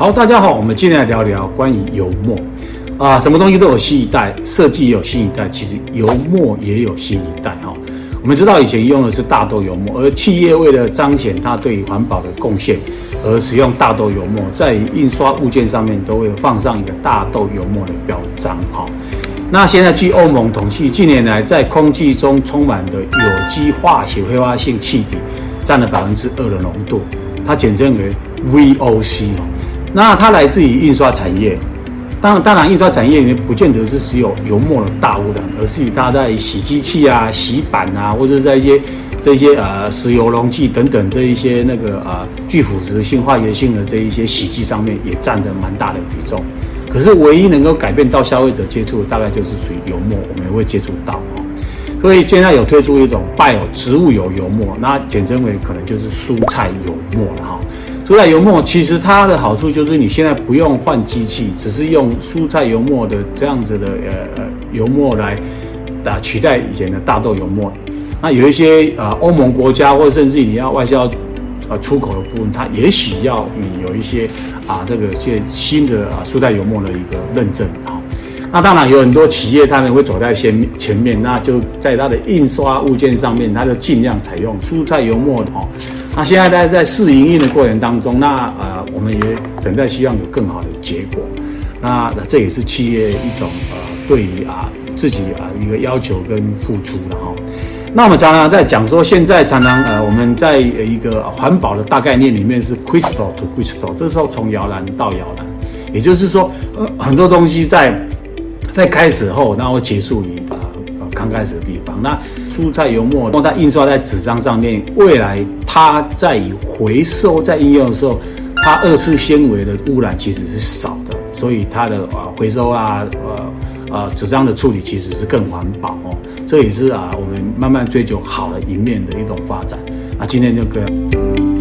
好，大家好，我們今天來聊聊關於油墨啊，什麼東西都有新一代，設計也有新一代，其實油墨也有新一代哈。我們知道以前用的是大豆油墨，而企業為了彰顯它對於環保的貢獻，而使用大豆油墨，在印刷物件上面都會放上一個大豆油墨的標章哈。那現在據歐盟統計，近年來在空氣中充滿的有機化學揮發性氣體佔了百分之二的濃度，它簡稱為 VOC 哦。那它來自於印刷產業，當然，當然，印刷產業裡面，不見得是只有油墨的大污染，而是以它在洗機器啊、洗板啊，或者是在一些這些呃石油溶劑等等這一些那個呃具腐蝕性、化學性的這一些洗劑上面也占得蠻大的比重。可是，唯一能夠改變到消費者接觸的，大概就是屬於油墨，我們也會接觸到、哦、所以，現在有推出一種 BIO 植物油油墨，那簡稱為可能就是蔬菜油墨了哈、哦。蔬菜油墨其實它的好處就是你現在不用換機器，只是用蔬菜油墨的這樣子的呃油墨來啊取代以前的大豆油墨。那有一些呃歐盟國家或甚至你要外銷、呃、出口的部分，它也許要你有一些啊這個、呃那個這些新的啊、呃、蔬菜油墨的一個認證啊。那當然有很多企業他們會走在前前面，那就在它的印刷物件上面，它就盡量採用蔬菜油墨的哈。那現在在在試營運的過程當中，那呃我們也等待希望有更好的結果。那、呃、這也是企業一種呃對於啊、呃、自己啊、呃、一個要求跟付出的哈、哦。那我們常常在講說，現在常常呃我們在一個環保的大概念裡面是 cradle to cradle，就是說從搖籃到搖籃，也就是說呃很多東西在。在開始後，然後結束於啊呃剛、呃、開始的地方。那蔬菜油墨，如果它印刷在紙張上面，未來它在以回收在應用的時候，它二次纖維的污染，其實是少的，所以它的啊、呃、回收啊呃呃紙張的處理其實是更環保哦。這也是啊我們慢慢追求好的一面的一種發展。那今天就個。